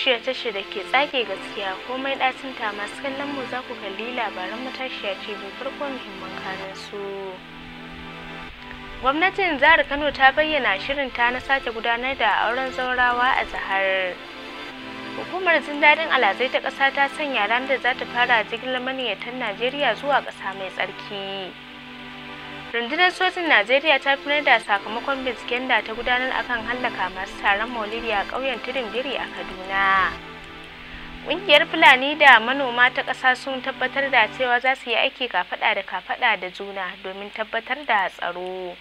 tashiya tashi da ke tsage gaskiya komai ɗacin ta masu kallon mu za ku kalli labaran matashiya ce bai farko muhimman kanin su gwamnatin zara kano ta bayyana shirin ta na sake gudanar da auren zaurawa a zahar. hukumar jin daɗin alazai ta ƙasa ta sanya ranar da za ta fara jigilar maniyyatan najeriya zuwa ƙasa mai tsarki rundunar sojin najeriya ta fi da sakamakon binciken da ta gudanar akan hallaka masu taron maulidi a ƙauyen tudun biri a kaduna ƙungiyar fulani da manoma ta ƙasa sun tabbatar da cewa za su yi aiki kafaɗa da kafaɗa da juna domin tabbatar da tsaro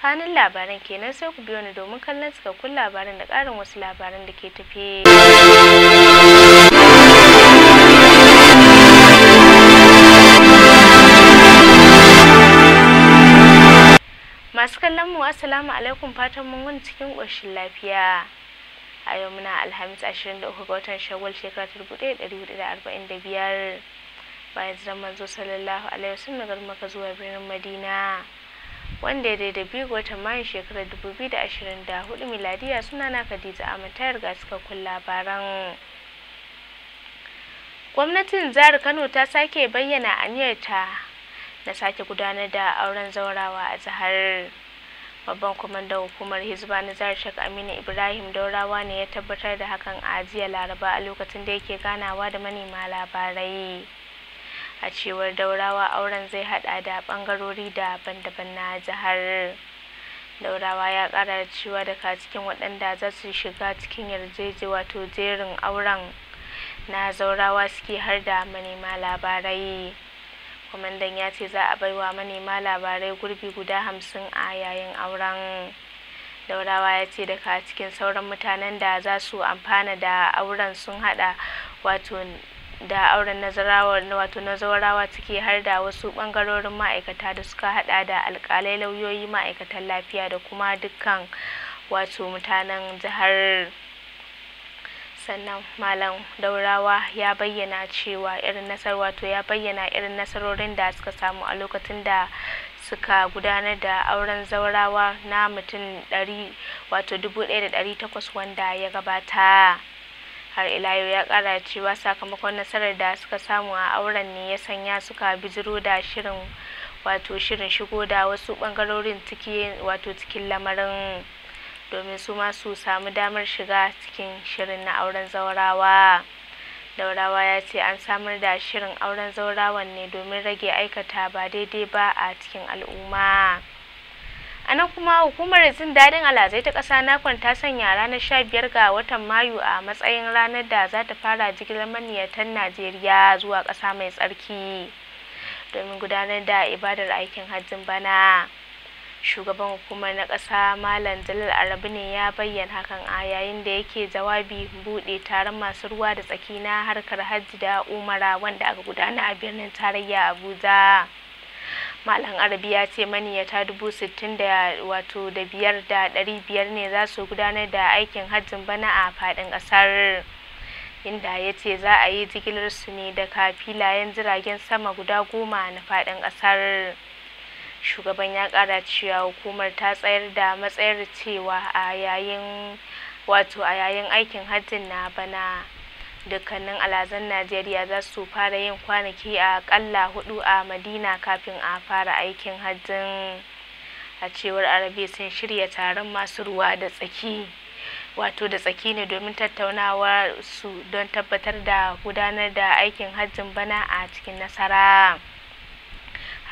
kanin labaran kenan sai ku biyo ni domin kallon cikakkun labaran da ƙarin wasu labaran da ke tafe mu assalamu alaikum fatan mun gani cikin ƙoshin lafiya a yau muna alhamis 23 ga watan shawwal shekara da 1445 bayan zan manzo sallallahu alaihi wasallam daga maka zuwa birnin madina wanda ya daidai biyu ga watan mayu shekarar 2024 miladiya suna na khadija amma ta riga kun labaran gwamnatin jihar kano ta sake bayyana aniyarta na sake gudanar da auren zaurawa a jihar babban kwamandan hukumar hizba na jihar shek aminu ibrahim daurawa ne ya tabbatar da hakan a jiya laraba a lokacin da yake ganawa da manema labarai a cewar daurawa auren zai hada da bangarori daban-daban na jihar daurawa ya kara cewa daga cikin waɗanda za su shiga cikin yarjeje wato jerin auren na zaurawa suke har da manema labarai kwamandan ya ce za a baiwa manema labarai gurbi guda hamsin a yayin auren daurawa ya ce daga cikin sauran mutanen da za su amfana da auren sun hada wato da auren nazarawa wato nazarawa ciki har da wasu bangarorin ma'aikata da suka hada da alkalai lauyoyi ma'aikatan lafiya da kuma dukkan wato mutanen jihar sannan malam daurawa ya bayyana cewa irin nasarar wato ya bayyana irin nasarorin da suka samu a lokacin da suka gudanar da auren zaurawa na mutum ɗari wato dubu ɗaya da ɗari takwas wanda ya gabata har ila ya ƙara cewa sakamakon nasarar da suka samu a auren ne ya sanya suka bijiro da shirin wato shirin shigo da wasu ɓangarorin wato cikin lamarin domin su ma su samu damar shiga cikin shirin na auren zaurawa daurawa ya ce an samar da shirin auren zaurawan ne domin rage aikata ba daidai ba a cikin al'umma a nan kuma hukumar jin daɗin alazai ta ƙasa nakon ta sanya ranar sha biyar ga watan mayu a matsayin ranar da za ta fara jigilar maniyatan najeriya zuwa ƙasa mai tsarki domin gudanar da ibadar aikin hajjin bana shugaban hukumar na ƙasa malam jalal arabi ne ya bayyana hakan a yayin da yake jawabi buɗe taron masu ruwa da tsaki na harkar hajji da umara wanda aka gudana a birnin tarayya abuja malam arabi ya ce maniyata dubu sittin da wato da biyar da ɗari biyar ne za su gudanar da aikin hajjin bana a faɗin ƙasar inda ya ce za a yi jigilarsu ne daga filayen jiragen sama guda goma na faɗin ƙasar shugaban ya kara cewa hukumar ta tsayar da matsayar cewa a yayin wato a yayin aikin hajji na bana dukkanin alazan najeriya za su fara yin kwanaki a kalla hudu a madina kafin a fara aikin hajjin a cewar arabe sun shirya taron masu ruwa da tsaki wato da tsaki ne domin tattaunawa su don tabbatar da gudanar da aikin hajjin bana a cikin nasara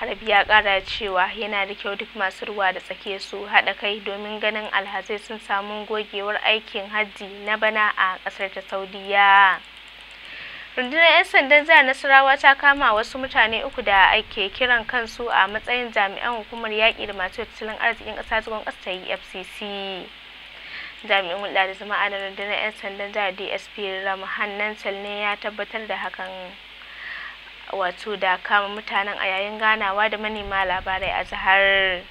harbi ya kara cewa yana da kyau duk masu ruwa da tsake su haɗa kai domin ganin alhazai sun samu gogewar aikin hajji na bana a ƙasar ta saudiya rundunar 'yan sandan jihar nasarawa ta kama wasu mutane uku da ake kiran kansu a matsayin jami'an hukumar yaƙi da masu tattalin arzikin ƙasa zagon ƙasa ta efcc jami'in hulɗa da zama na rundunar 'yan sandan jihar dsp ramhan nansal ne ya tabbatar da hakan wato da kama mutanen a yayin ganawa da manema labarai a jihar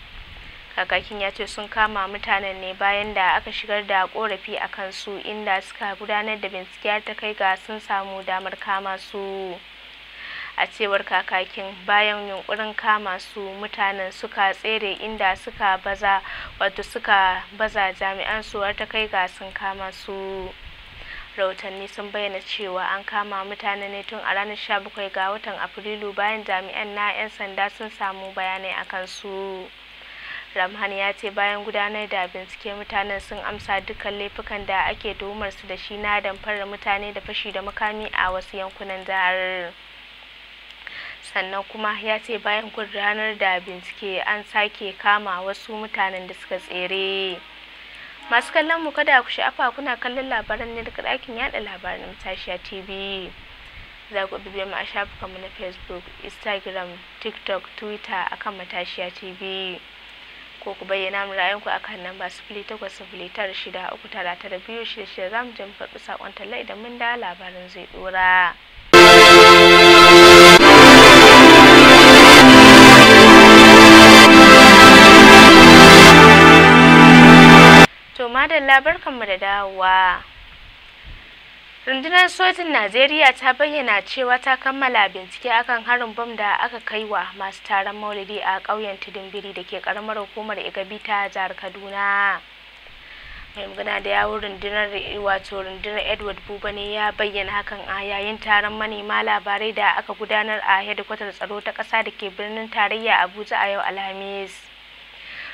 kakakin ya ce sun kama mutanen ne bayan da aka shigar da korafi a kansu inda suka gudanar da bincike har ta kai ga sun samu damar kama su a cewar kakakin bayan yunkurin kama su mutanen suka tsere inda suka baza wato suka baza jami'an su har ta kai ga sun kama su rahotanni sun bayyana cewa an kama mutane ne tun a ranar 17 ga watan afrilu bayan jami'an na 'yan sanda sun samu bayanai a kansu ramhan ya ce bayan gudanar da bincike mutanen sun amsa dukkan laifukan da ake tuhumar su da shi na damfarar mutane da fashi da makami a wasu yankunan jihar sannan kuma ya ce bayan gudanar da bincike an sake kama wasu mutanen da suka tsere masu kallon mu kada ku sha'afa kuna kallon labaran ne daga ɗakin yada labaran Tashiya tv za ku bibiya mu a mu na facebook instagram tiktok twitter akan matashiya tv ko ku bayyana mu ra'ayinku akan namba sifili takwas sifili tara shida uku tara tara biyu shida shida za mu je mu karɓi saƙon talla idan mun da labarin zai ɗora. madalla barkanmu da dawowa rundunar sojin najeriya ta bayyana cewa ta kammala bincike akan harin bom da aka kai wa masu taron maulidi a ƙauyen tudunbiri da ke ƙaramar hukumar igabi ta jihar kaduna mai magana da yawun rundunar wato rundunar edward buba ne ya bayyana hakan a yayin taron manema labarai da aka gudanar a hedikwatar tsaro ta ƙasa da ke birnin tarayya abuja a yau alhamis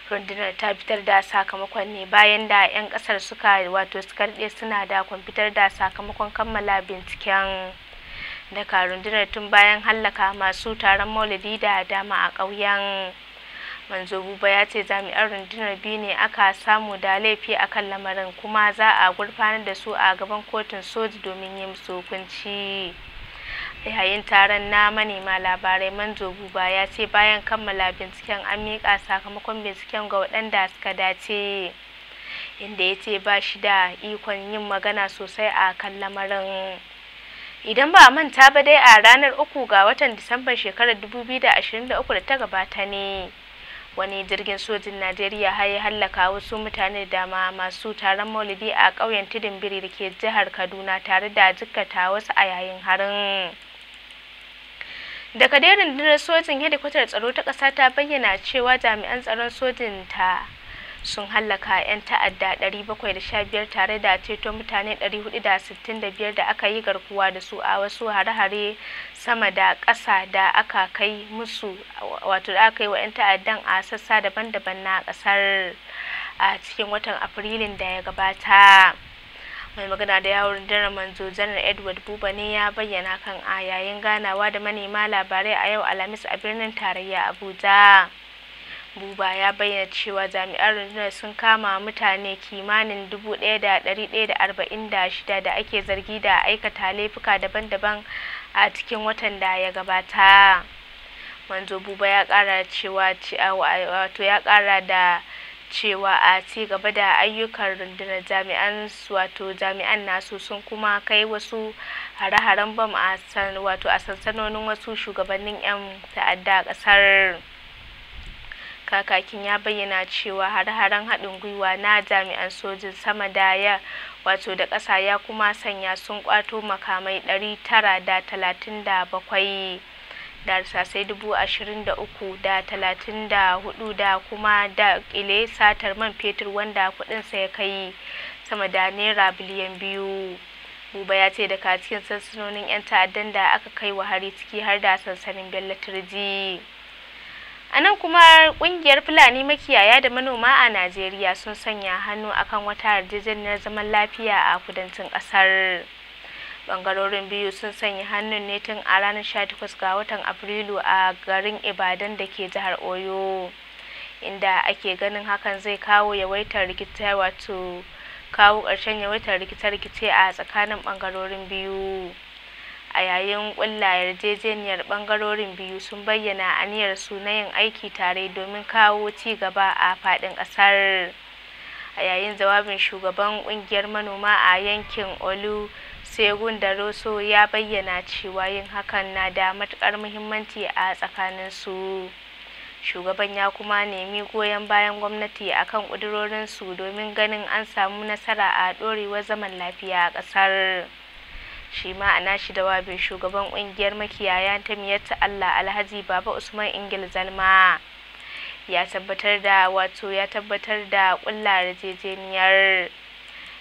rundunar ta fitar da sakamakon ne bayan da 'yan kasar suka wato suka daɗe suna da fitar da sakamakon kammala binciken daga rundunar tun bayan hallaka masu taron maulidi da dama a ƙauyen manzo buba ya ce jami'an rundunar biyu ne aka samu da laifi a kan lamarin kuma za a gurfanar da su a gaban kotun soji domin yi musu hukunci yayin taron na manema labarai manzo buba ya ce bayan kammala binciken an miƙa sakamakon binciken ga waɗanda suka dace inda ya ce ba shi da ikon yin magana sosai a kan lamarin idan ba a manta ba dai a ranar uku ga watan disamban shekarar 2023 da ta gabata ne wani jirgin sojin najeriya har ya hallaka wasu mutane da dama masu taron maulidi a ƙauyen tudun biri da ke jihar kaduna tare da jikkata wasu a yayin harin daga dai rundunar sojin hedikwatar tsaro ta ƙasa ta bayyana cewa jami'an tsaron sojin ta sun hallaka 'yan ta'adda 715 tare da ceto mutane 465 da aka yi garkuwa da su a wasu hare-hare sama da ƙasa da aka kai musu wato da aka yi wa 'yan ta'addan a sassa daban-daban na ƙasar a cikin watan afrilun da ya gabata. mai magana da yawon rundunar manzo janar edward buba ne ya bayyana kan a yayin ganawa da manema labarai a yau alhamis a birnin tarayya abuja buba ya bayyana cewa jami'an rundunar sun kama mutane kimanin dubu 1,146 da da da da arba'in shida ake zargi da aikata laifuka daban-daban a cikin watan da ya gabata manzo buba ya kara cewa wato ya kara da cewa a ci gaba da ayyukan rundunar jami'an wato jami'an nasu sun kuma kai wasu hare-haren bam a wato a sansanonin wasu shugabannin 'yan ta'adda a kasar kakakin ya bayyana cewa hare-haren haɗin gwiwa na jami'an sojin sama da ya wato da ƙasa ya kuma sanya sun kwato makamai 937 da sasai dubu ashirin da uku da talatin da hudu da kuma da ƙile satar man fetur wanda kuɗinsa ya kai sama da naira biliyan biyu buba ya ce daga cikin sansanonin 'yan ta'addan da aka kai wa hari ciki har da sansanin bello turji a nan kuma kungiyar fulani makiyaya da manoma a najeriya sun sanya hannu akan wata yarjejeniyar zaman lafiya a kudancin kasar bangarorin biyu sun sanya hannun ne tun a ranar 18 ga watan afrilu a garin ibadan da ke jihar oyo inda ake ganin hakan zai kawo yawaitar rikice wato kawo ƙarshen yawaitar rikice-rikice a tsakanin bangarorin biyu a yayin ƙulla yarjejeniyar bangarorin biyu sun bayyana aniyar su na yin aiki tare domin kawo ci gaba a faɗin ƙasar a yayin jawabin shugaban ƙungiyar manoma a yankin olu segun da rosso ya bayyana cewa yin hakan na da matukar muhimmanci a tsakanin su shugaban ya kuma nemi goyon bayan gwamnati akan kudirorin su domin ganin an samu nasara a dorewar zaman lafiya a kasar shi ma a nashi da wabe shugaban kungiyar makiyaya ta miyatta Allah Alhaji Baba Usman Ingil Zalma ya tabbatar da wato ya tabbatar da kullar jejeniyar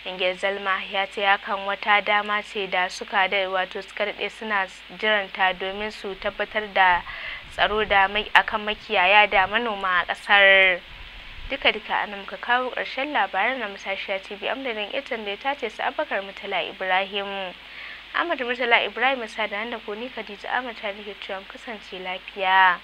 ingil zalma ya ce hakan wata dama ce da suka da wato suka daɗe suna jiranta domin su tabbatar da tsaro da akan makiyaya da manoma a ƙasar duka duka ana muka kawo ƙarshen labaran na musashiya tv amdanin ita da ta ce su abakar mutala ibrahim ahmad mutala ibrahim sada da ku ni khadija ahmad tarihi cewa kasance lafiya